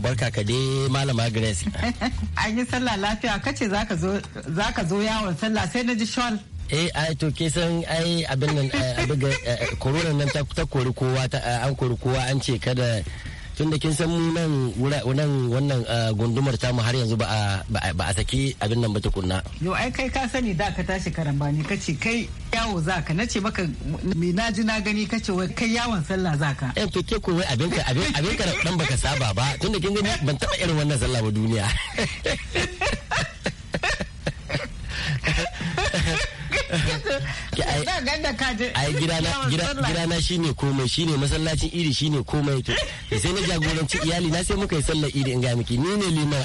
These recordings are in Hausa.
barka ka dai malama Grace. An yi sallah lafiya kace zaka zo zaka zo yawon sallah sai na ji shawl. eh ai to ke san ai abin nan eh, abin eh, eh, corona nan ta kori kowa an kori kowa an ce kada tunda kin san mu nan wannan wannan ah, gundumar mu har yanzu ba a saki abin nan ba tukunna yo ai kai ka sani da ka tashi karambani kace kai yawo zaka nace maka me na ji na gani kace wai kai yawon sallah zaka eh to ke ko wai abin ka abin abin ka dan baka saba ba tunda kin gani ban taba irin wannan sallah ba duniya ki ai ai gida na shine komai shine masallacin idi shine komai to sai na jagoranci iyali na sai muka yi sallar idi in ga miki ni ne liman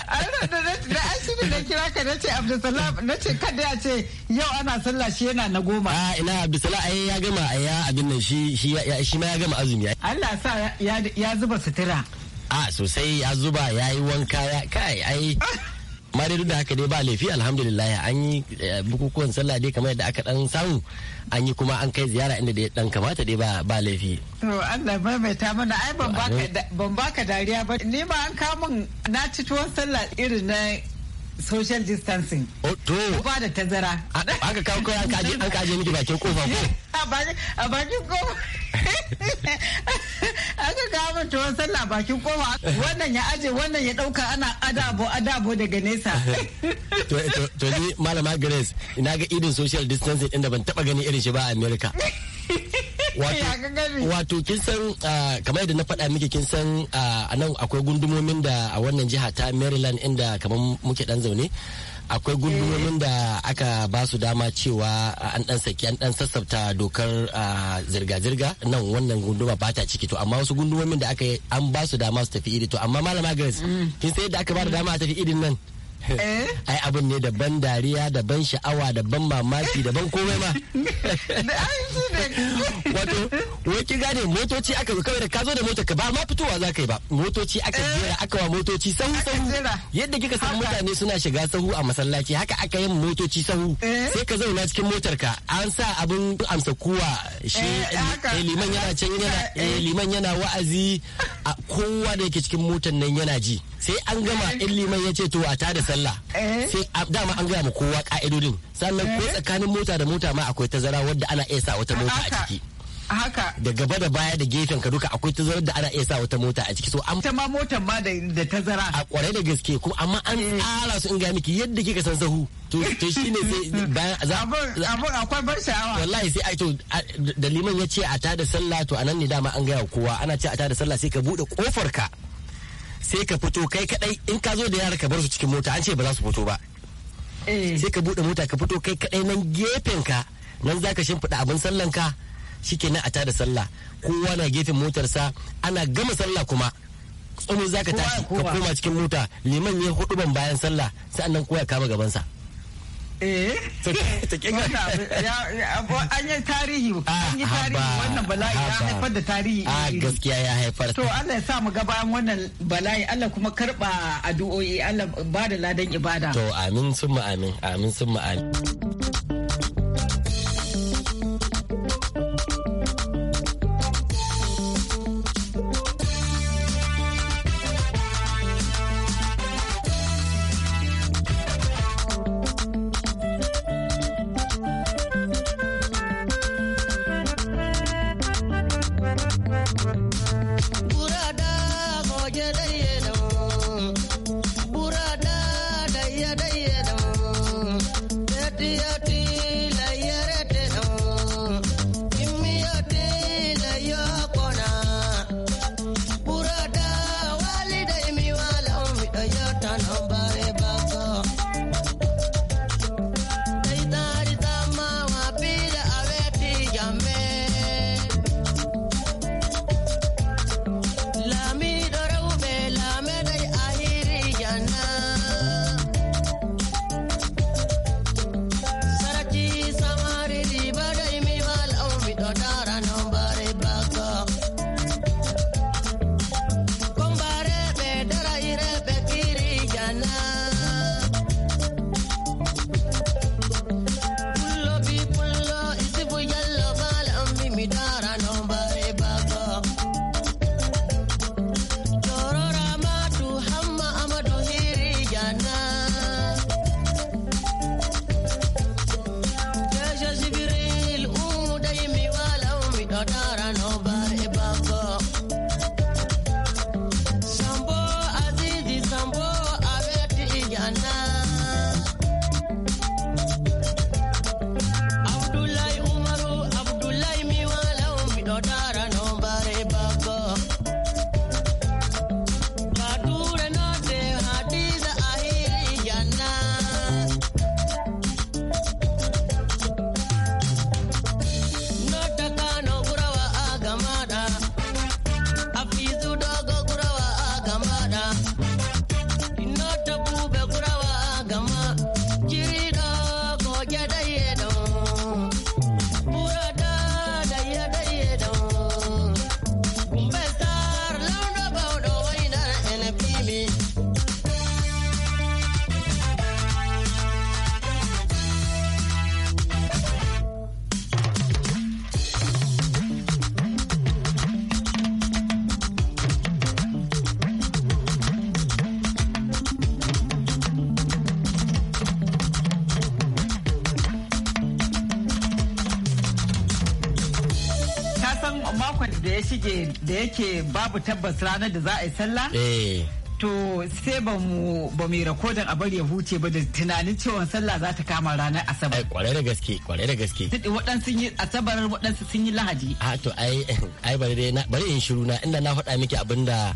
da asiri da kira ka nace abdulsalam nace kada ya ce yau ana sallah shi yana na goma a ah, ina abdulsalam ai ya gama ai ya abin nan shi shi ma ya gama azumi Allah sa ya zuba sutura a ah, sosai ya zuba ya yi wanka ya kai ai amma dai duk da haka dai ba laifi alhamdulillah an yi eh, bukukuwan sallah dai kamar yadda aka dan samu an yi kuma an kai ziyara inda dai dan kamata dai ba laifi to Allah maimaita mana ai ban baka ban dariya ba ni ma an kawo min na ci tuwon sallah irin na social distancing. Oh, to. Ba da tazara. Aka kawo kawo an aje aka aje miki bakin kofa ko? A bakin kofa. Aka kawo min tuwon sallah bakin kofa. Wannan ya aje wannan ya dauka ana adabo adabo daga nesa. To ni malama Grace ina ga idin social distancing inda da ban taba gani irin shi ba a America. wato kin san ah, kamar yadda na faɗa miki kin san ah, a nan akwai gundumomin da a wannan jiha ta Maryland inda kamar muke dan zaune akwai gundumomin da aka ba su dama cewa ah, an dan saki an dan sassabta dokar zirga-zirga nan wannan gunduma ba ta ciki to amma wasu gundumomin da aka an ba su dama su tafi iri to amma malama grace mm. kin san yadda aka ba da dama a tafi irin nan Eh? ai abin ne daban dariya daban sha'awa daban mamaki daban komai ma wato wai ki gane motoci aka kawai da ka zo da motar ka ba ma fitowa za ka yi ba motoci aka eh? jera aka wa motoci sahu sahu yadda kika san mutane suna shiga sahu a masallaci haka aka yin motoci sahu eh? sai ka zauna cikin motar ka an sa abin amsa kuwa shi liman yana can yana liman yana wa'azi kowa da yake cikin motar nan yana ji sai an gama in liman ya ce to a tada sallah eh. sai dama an gaya ma kowa ka'idodin sannan ko eh. tsakanin mota da mota ma akwai tazara wadda ana iya sa wata mota a ciki haka da gaba da baya da gefen ka duka akwai tazara da ana iya sa wata mota a ciki so an ma motar ma da tazara a kwarai da gaske kuma amma an eh. tsara su in ga miki yadda kika san sahu to to shine sai bayan za abun akwai ban sha'awa wallahi sai ai to da liman ya ce a tada sallah to anan ne dama an ga kowa ana ce a tada sallah sai ka bude kofar ka sai ka fito kai kadai in ka zo da yara ka bar su cikin mota an ce ba za su fito ba eh. sai ka bude mota ka fito kai kadai nan gefen ka nan zaka shimfiɗa abin sallan ka shikenan a tada sallah kowa na gefen motarsa ana gama sallah kuma tsumin zaka tashi ka koma cikin mota liman ya hudu ban bayan sallah nan kowa ya kama gabansa. sa Eh? Ta kinga. An yi tarihi. An ah, wannan bala'i ya haifar da tarihi. A ah, gaskiya ya haifar. To Allah ya sa mu gaba bayan wannan bala'i Allah kuma karba addu'o'i Allah ba da ladan ibada. To amin sun amin. Amin sun amin. da yake babu tabbas ranar da za a yi sallah eh. to sai ba mu ba mu rakodin a bari ya huce ba da tunanin cewa sallah za ta kama ranar asabar ai kwarai da gaske kwarai da gaske duk waɗansu sun yi asabar waɗansu sun yi lahadi a to ai ai bari dai bari in shiru na inda na faɗa miki abinda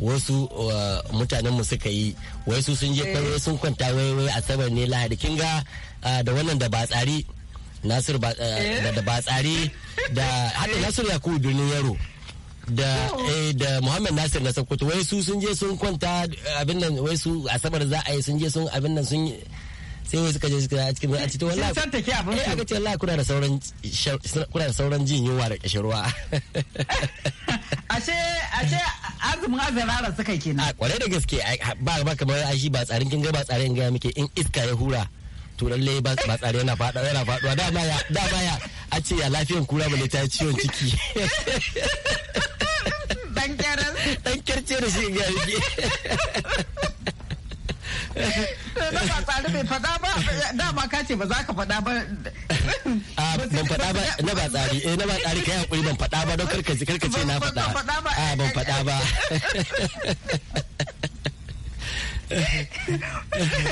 wasu uh, mutanen mu suka yi wai su sun je eh. kawai sun kwanta wai wai asabar ne lahadi kin ga uh, da wannan da ba tsari nasir uh, eh. da ba tsari da hada nasir yakubu birnin yaro da eh da Muhammad Nasir na Sokoto wai su sun je sun kwanta eh, abin nan wai su asabar za a yi sun je sun abin nan sun sai wai suka je suka a cikin a cikin wallahi sun take abin su eh, aka ce wallahi kuna da sauran kuna da sauran jin yunwa da kishirwa ashe ashe azumin azarara suka kenan a kware da gaske ba ba kamar ashi ba tsarin kin ga ba tsarin ga muke in iska ya hura turan lalle ba tsare yana faɗa yana faɗuwa dama ya dama ya a ce ya lafiyan kura bale ta ciwon ciki dan kyarar dan kyarce da shi ga yake eh, na ba tsare bai faɗa ba dama ka ce ba za ka faɗa ba ban faɗa ba na ba tsari eh na ba tsari kai hakuri ban faɗa ba don karkace ce na faɗa a ban faɗa ba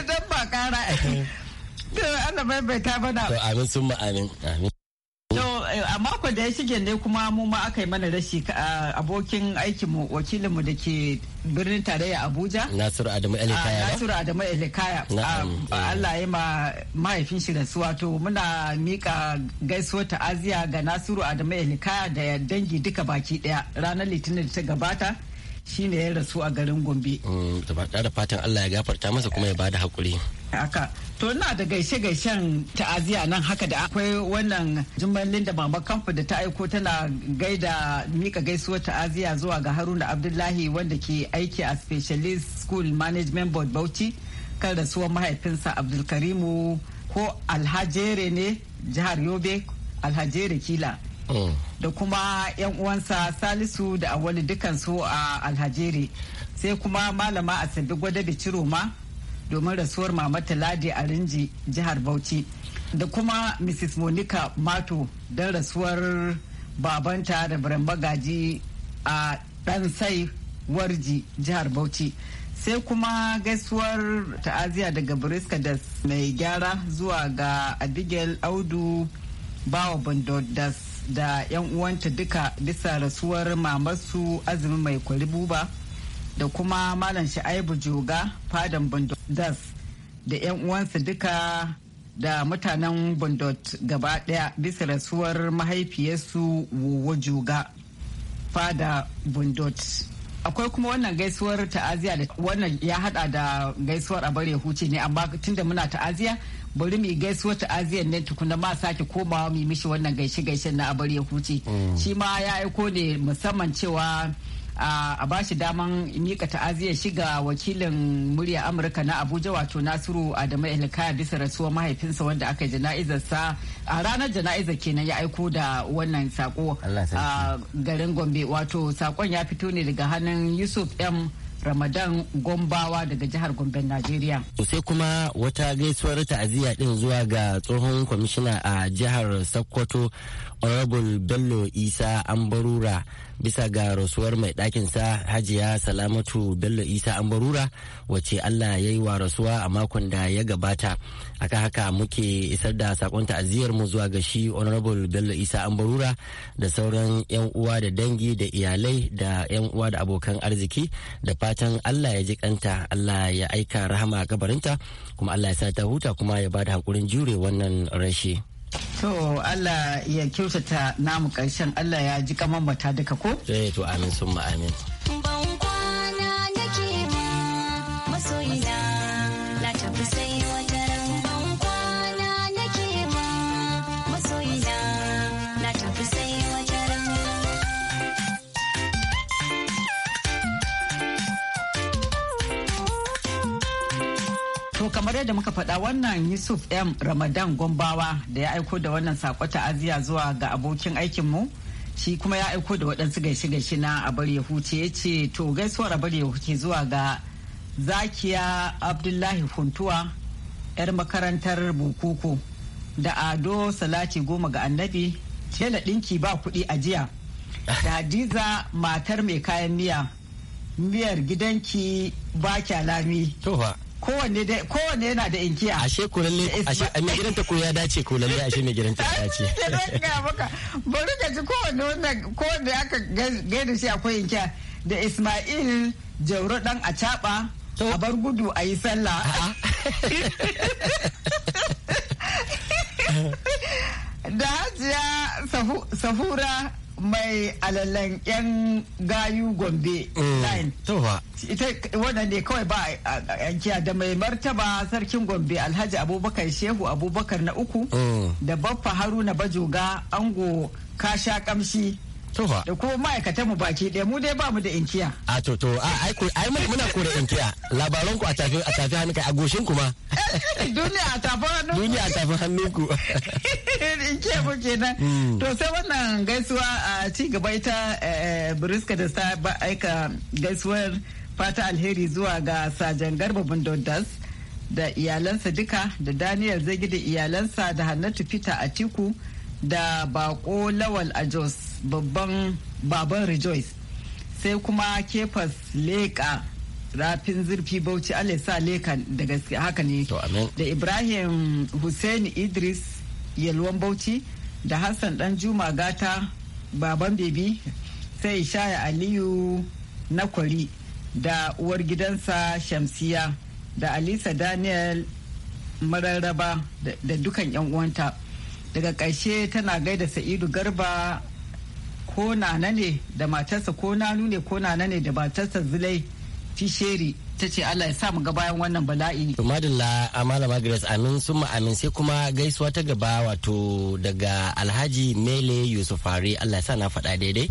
dan ba kara Allah maimaita bana. To amin sun ma'amin. Amin. Eh, a makon da ya shige ne kuma mu ma aka yi mana rashi abokin aikinmu wakilinmu da ke birnin tarayya abuja nasiru adamu elikaya nasiru adamu elikaya allah ya ma mahaifin shi rasuwa to muna mika gaisuwa ta'aziya ga nasiru adamu elikaya da dangi duka baki daya ranar litinin da ta gabata shine ya rasu a garin gombe da mm, fatan allah ya gafarta masa kuma ya bada hakuri haka haka to ina da gaishe gaishen ta'aziyya nan haka da akwai wannan jimbalin da mama kamfa da ta aiko tana gaida mika gaisuwar ta'aziya zuwa ga haruna abdullahi wanda ke aiki a specialist school management board bauchi kan rasuwar mahaifinsa abdulkarimu ko alhajere ne jihar yobe alhajere kila mm. da kuma yan uwansa salisu da awali dukansu a alhajere sai kuma malama a gwada da ciroma domin rasuwar mama Ladi a rinji jihar bauchi da kuma mrs monica mato don rasuwar babanta da magaji a dan sai warji jihar bauchi sai kuma gaisuwar ta'aziya daga briska da mai gyara zuwa ga abigail audu bawa bandodas da 'yan uwanta duka bisa rasuwar mamarsu azumi mai kwalibu ba. da kuma malam sha'aibu joga fadan das da 'yan uwansa duka da mutanen bundot gaba daya bisa rasuwar mahaifiyarsu wowo joga fada bundot akwai kuma wannan gaisuwar ta'aziya da wannan ya hada da gaisuwar a bare huce ne amma tunda muna ta'aziya bari mu gaisuwar ta'aziya ne tukuna ma sake komawa mu mishi wannan gaishe gaishen na a bare huce mm. shi ma ya aiko ne musamman cewa a ba shi daman mika ta'aziyya shiga wakilin murya amurka na abuja wato nasiru adamu ilkaya bisa rasuwar mahaifinsa wanda aka yi jana'izarsa a ranar jana'izar kenan ya aiko da wannan sako a garin gombe wato sakon ya fito ne daga hannun yusuf m Ramadan Gombawa daga jihar Gombe, Najeriya. Sai kuma wata gaisuwar ta'aziyya din zuwa ga tsohon kwamishina a jihar Sokoto Honorable Bello Isa Ambarura bisa ga rasuwar mai ɗakin sa hajiya salamatu bello isa ambarura wace allah ya yi wa rasuwa a makon da ya gabata aka haka muke isar da sakon ta'aziyar mu zuwa ga shi honorable bello isa ambarura da sauran yan uwa da dangi da iyalai da yan uwa da abokan arziki da fatan allah ya ji kanta allah ya aika rahama kabarinta kuma allah ya sa ta huta kuma ya bada hakurin jure wannan rashi. To Allah ya kyautata namu karshen Allah ya ji kaman mata duka ko? Eh to amin sun amin. kamar yadda muka faɗa wannan yusuf m ramadan gombawa da ya aiko da wannan sako ta'aziyya zuwa ga abokin aikinmu shi kuma ya aiko da waɗansu gaishe-gaishe na abar ya huce ya ce to gaisuwar abar ya huce zuwa ga zakiya abdullahi huntuwa 'yar makarantar bukuku da ado salati goma ga annabi jela ɗinki ba kuɗi a jiya da hadiza matar mai kayan miya miyar gidanki ba kyalami kowanne yana da inkiya ashe ko lalle ashe mai gidanta ko ya dace ko lalle ashe mai gidanta ya dace bari ka ji kowanne wannan kowanne aka gaida shi akwai inkiya da Ismail Jauro dan caba a bar gudu a yi sallah da hajiya sahura mai alalan yan gayu gombe mm. line ita wannan ne kawai ba a yankiya da mai martaba sarkin gombe alhaji abubakar shehu abubakar na uku mm. da baffa haruna bajoga ango kasha kamshi da kuma ma'aikatan mu baki ɗaya mu dai ba mu da inkiya a to to a ai muna kore inkiya labaran ku a tafi a tafi hannu kai a goshin ku ma duniya a tafi hannu duniya a tafi hannu ku inkiya mu kenan hmm. to sai wannan gaisuwa a ci gaba ita eh, eh, briska da sa aika gaisuwar fata alheri zuwa ga sajan garba bundondas da iyalansa duka da daniel zagi da iyalansa da hannatu peter atiku da bako lawal a jos babban baban rejoice sai kuma kefas leka rafin zurfi bauchi alisa leka da haka ne da ibrahim hussein idris yalwan bauchi da hassan dan juma gata baban bebi sai shaya aliyu na kwari da uwar gidansa shamsiya da alisa daniel mararraba da dukan 'yan uwanta daga ƙarshe tana gaida sa'idu garba ko na ne da matarsa ko na nune ko na ne da matarsa zulai tisheri ta ce Allah ya sa mu ga bayan wannan bala'i. Madalla a malama Grace Amin sun amin sai kuma gaisuwa ta gaba wato daga Alhaji Mele Yusufari Allah ya sa na faɗa daidai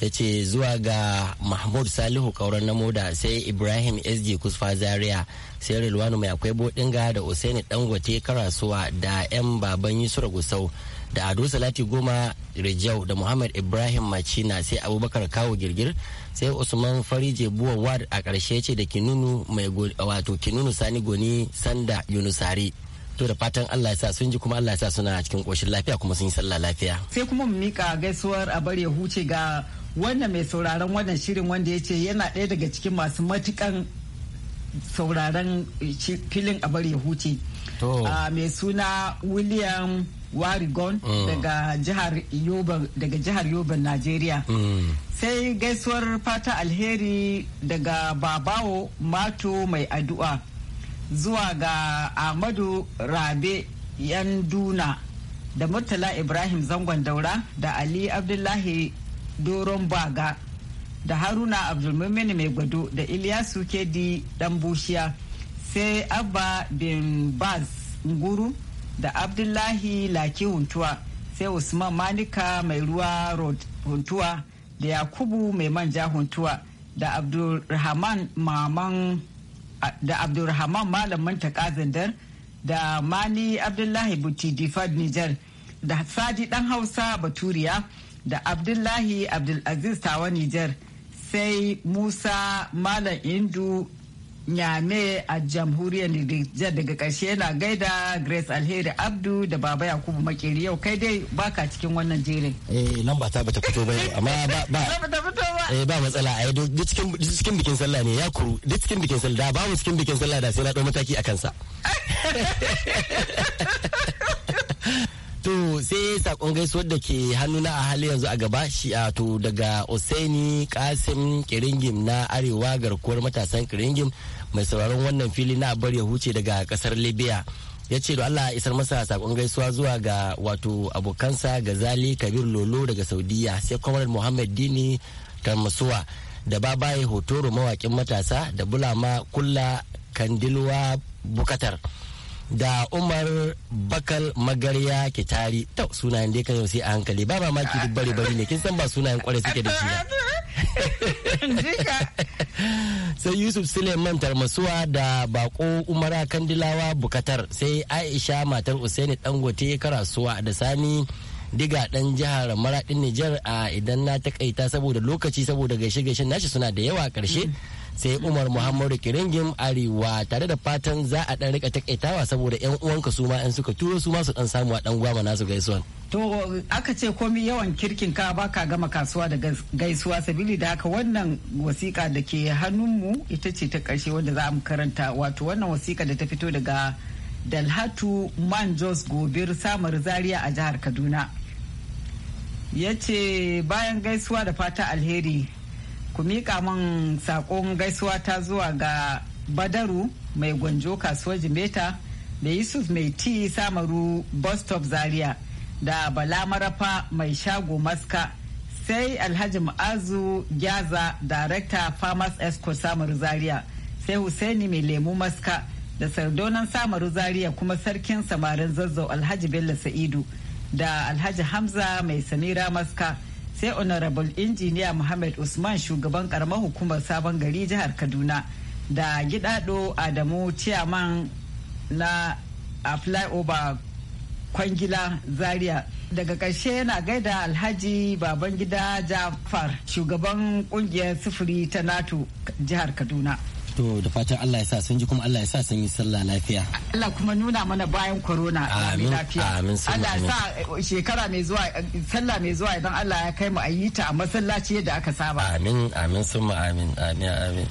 ta ce zuwa ga mahmud salihu kauran na moda sai ibrahim sg kusfa zaria sai rilwanu mai akwai bodinga da usaini dangote karasuwa da yan baban yusura gusau da ado salati goma rijau da muhammad ibrahim macina sai abubakar kawo girgir sai usman farije buwa ward a karshe ce da kinunu mai wato kinunu sani goni sanda yunusari to da fatan Allah ya sa sun ji kuma Allah ya sa suna cikin koshin lafiya kuma sun yi sallah lafiya sai kuma mu mika gaisuwar a bare huce ga wannan mai sauraron wannan shirin wanda ya ce yana ɗaya daga cikin masu matukan sauraron filin a bari ya huce mai suna william warigon mm. daga jihar yoba daga najeriya mm. sai gaisuwar fata alheri daga babawo mato mai addu'a zuwa ga ahmadu rabe yan duna da murtala ibrahim zangon daura da ali abdullahi doron baga da haruna abdulmumin mai gwado da ilyasu kedi dan bushiya sai abba bin baz nguru da abdullahi laki huntuwa sai usman manika mai ruwa road huntuwa da yakubu mai manja huntuwa da abdulrahman maman da abdulrahman malamin takazandar da mani abdullahi buti difad da sadi dan hausa baturiya da Abdullahi Abdulaziz Tawa Niger sai Musa Malam Indu Nyame a jamhuriyar Niger daga ƙarshe na gaida Grace Alheri Abdu da Baba Yakubu Makeri yau kai dai baka cikin wannan jerin. Eh nan ba ta bata fito ba amma ba ba eh ba matsala ai eh, duk cikin cikin bikin sallah ne ya kuru duk cikin bikin sallah da ba cikin bikin sallah da sai na dau mataki a kansa. To sai sakon gaisuwar da ke hannuna a hali yanzu a gaba shi a to daga Usaini Kasim Kiringim na Arewa garkuwar matasan Kiringim mai sauraron wannan fili na bar ya huce daga kasar Libya. ya ce da Allah isar masa sakon gaisuwa zuwa ga wato abokansa Gazali Kabir Lolo daga Saudiya sai Kwamar Muhammad Dini Tarmasuwa da babaye hotoro mawakin matasa da bulama kulla kandilwa bukatar. da umar bakal magarya kitari to sunayen da kan yau sai a hankali ba mamaki duk bare bari ne kin san ba sunayen kwarai suke da shi sai yusuf suleiman tarmasuwa da bako umara kandilawa bukatar sai aisha matar usaini dangote karasuwa da sani diga dan jihar maradin nijar a idan na takaita saboda lokaci saboda gaishe gaishe nashi suna da yawa karshe mm sai umar muhammadu kiringim arewa tare da fatan za a dan rika takaitawa saboda yan uwanka su ma yan suka turo su ma su dan samu a dan gwama nasu gaisuwan to aka ce komi yawan kirkin ka baka gama kasuwa da gaisuwa sabili da haka wannan wasiƙa da ke mu ita ce ta ƙarshe wanda za mu karanta wato wannan wasiƙa da ta fito daga dalhatu manjos gobir samar zaria a jihar kaduna ya ce bayan gaisuwa da fata alheri ku miƙa min saƙon gaisuwa ta zuwa ga badaru mai gwanjo kasuwar jimeta da yusuf mai ti samaru bus stop zaria da bala marafa mai shago maska sai alhaji ma'azu gyaza director farmers escort samaru zaria sai husaini mai lemu maska da sardonan samaru zaria kuma sarkin samarin zazzau alhaji bello sa'idu da alhaji hamza mai samira maska sai honorable injiniya muhammad usman shugaban karamar hukumar sabon gari jihar kaduna da gidado adamu chairman na a flyover kwangila zaria daga karshe yana gaida alhaji babangida jafar shugaban kungiyar sufuri ta nato jihar kaduna to da fatan Allah ya sa sun ji kuma Allah ya sa sun yi sallah lafiya Allah kuma nuna mana bayan corona amin lafiya amin Allah sa eh, shekara mai zuwa eh, sallah mai zuwa idan Allah ya kai mu a yi ta a masallaci yadda aka saba amin amin sun amin amin amin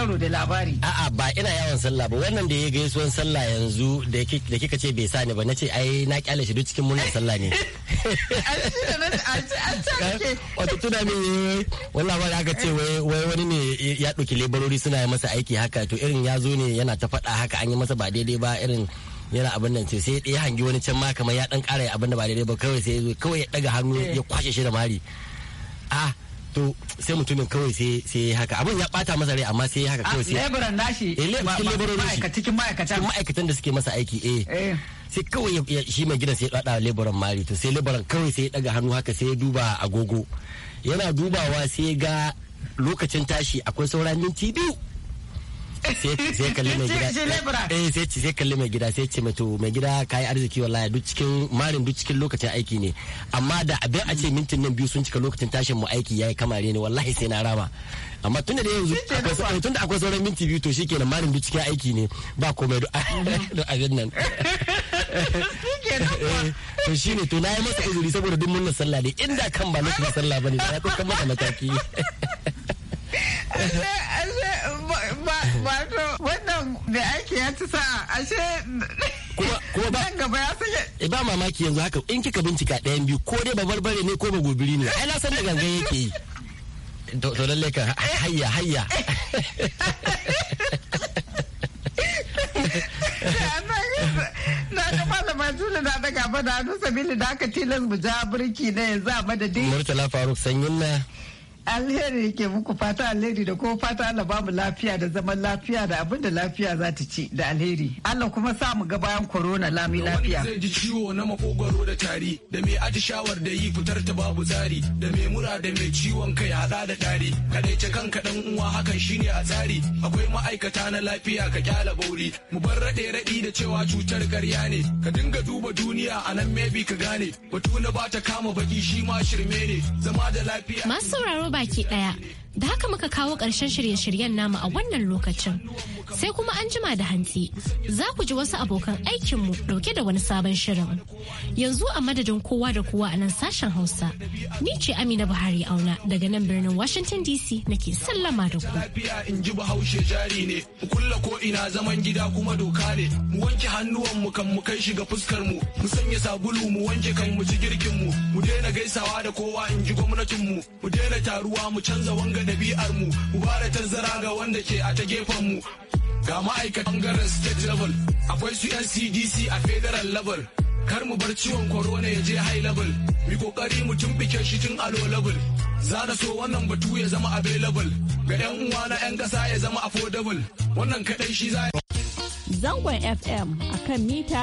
karo da labari a'a ba ina yawon sallah ba wannan da ya gaisuwan sallah yanzu da kika ce bai sani ba na ce ai na kyale shi duk cikin murnar sallah ne wato tuna ne aka ce wai wani ne ya ɗauki lebarori suna masa aiki haka to irin ya zo ne yana ta faɗa haka an yi masa ba daidai ba irin yana abin nan ce sai ya hangi wani can ma kamar ya dan kara abin da ba daidai ba kawai sai ya zo kawai ya daga hannu eh. ya kwashe shi da mari a ah, to sai mutumin kawai sai sai haka abin ya bata masa rai amma sai haka ah, kawai sai leburan nashi eh cikin leburan shi cikin ma'aikatan cikin ma'aikatan da suke masa aiki eh, eh. sai kawai shi mai gidan sai ya dada leburan mari to sai leburan kawai sai ya daga hannu haka sai ya duba agogo yana dubawa sai ga lokacin tashi akwai sauran minti biyu sai kalli mai gida eh sai ce sai kalli mai gida sai ce mai to mai gida kai arziki wallahi duk cikin marin duk cikin lokacin aiki ne amma da abin a ce mintin nan biyu sun cika lokacin tashin mu aiki yayi kamare ne wallahi sai na rama amma tun da yanzu tun da akwai sauran minti biyu to shikenan marin duk cikin aiki ne ba komai duk abin nan eh, to shi ne to na yi masa izuri saboda duk murnar sallah ne inda kan ba na sallah ba ne ya kan mata mataki wato wannan da aiki ya ci sa'a ashe kuma kuma ba gaba ya sanya eh, ba mamaki yanzu haka in kika bincika ɗayan biyu ko dai babarbare ne ko ba gobiri ne ai na san da gangan yake yi to lalle ka, hayya hayya na ga malama tuna na daga bana hannu sabili da aka tilas mu ja birki na yanzu a madadin murtala faruk sanyin na alheri ke muku fata alheri da kuma fata Allah ba mu lafiya da zaman lafiya da abin da lafiya za ta ci da alheri. Allah kuma sa mu ga bayan corona lami lafiya. wani zai ji ciwo na makogwaro da tari da mai aji shawar da yi fitar ta babu zari da mai mura da mai ciwon kai hada da tari ce kanka dan uwa hakan shine a tsari akwai ma'aikata na lafiya ka kyala bauri mu bar rade radi da cewa cutar karya ne ka dinga duba duniya a nan maybe ka gane batu na ba ta kama baki shi ma shirme ne zama da lafiya. Masu sauraro baki daya Da haka muka kawo ƙarshen shirye-shiryen namu a wannan lokacin. Sai kuma an jima da hantsi, za ku ji wasu abokan aikinmu ɗauke da wani sabon shirin. Yanzu a madadin kowa da kowa a nan sashen Hausa, ni ce Amina Buhari Auna daga nan birnin Washington DC nake sallama da ku. in ji bahaushe jari ne, kulla ko ina zaman gida kuma doka ne, mu wanke hannuwan mu kan mu kai shiga fuskar mu, mu sanya sabulu mu wanke kan mu ci girkin mu, mu daina gaisawa da kowa in ji gwamnatin mu, mu daina taruwa mu canza wanga ga dabi'ar mu mu ba da tanzara ga wanda ke a ta gefen mu ga ma'aikatan bangaren state level akwai su yan cdc a federal level kar mu bar ciwon corona ya je high level mu kokari mu tumbike shi tun a low level za da so wannan batu ya zama available ga yan uwa na yan kasa ya zama affordable wannan kadai shi za zangon fm akan mita